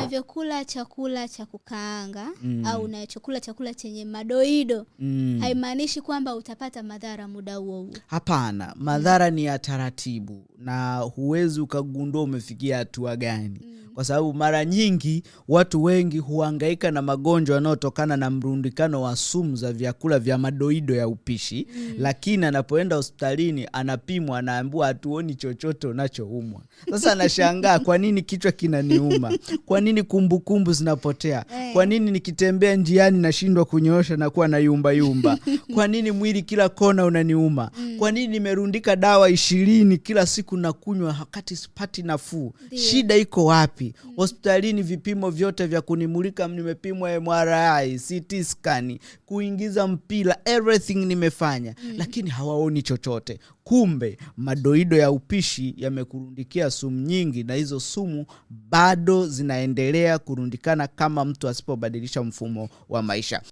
unavyokula chakula cha kukaanga mm. au unachokula chakula chenye madoido mm. haimaanishi kwamba utapata madhara muda huo huo. Hapana, madhara mm. ni ya taratibu na huwezi ukagundua umefikia hatua gani mm kwa sababu mara nyingi watu wengi huangaika na magonjwa yanayotokana na mrundikano wa sumu za vyakula vya madoido ya upishi mm. Lakini anapoenda hospitalini anapimwa, anaambiwa hatuoni chochote unachoumwa. Sasa anashangaa kwa nini kichwa kinaniuma, kwa nini kumbukumbu zinapotea, eh. kwa nini nikitembea njiani nashindwa kunyoosha na kuwa na yumbayumba, kwa nini mwili kila kona unaniuma, mm. kwa nini nimerundika dawa ishirini kila siku nakunywa wakati sipati nafuu, shida iko wapi? wapi? Mm. Hospitalini vipimo vyote vya kunimulika nimepimwa, MRI, CT scan, kuingiza mpira, everything nimefanya, mm. lakini hawaoni chochote. Kumbe madoido ya upishi yamekurundikia sumu nyingi, na hizo sumu bado zinaendelea kurundikana kama mtu asipobadilisha mfumo wa maisha.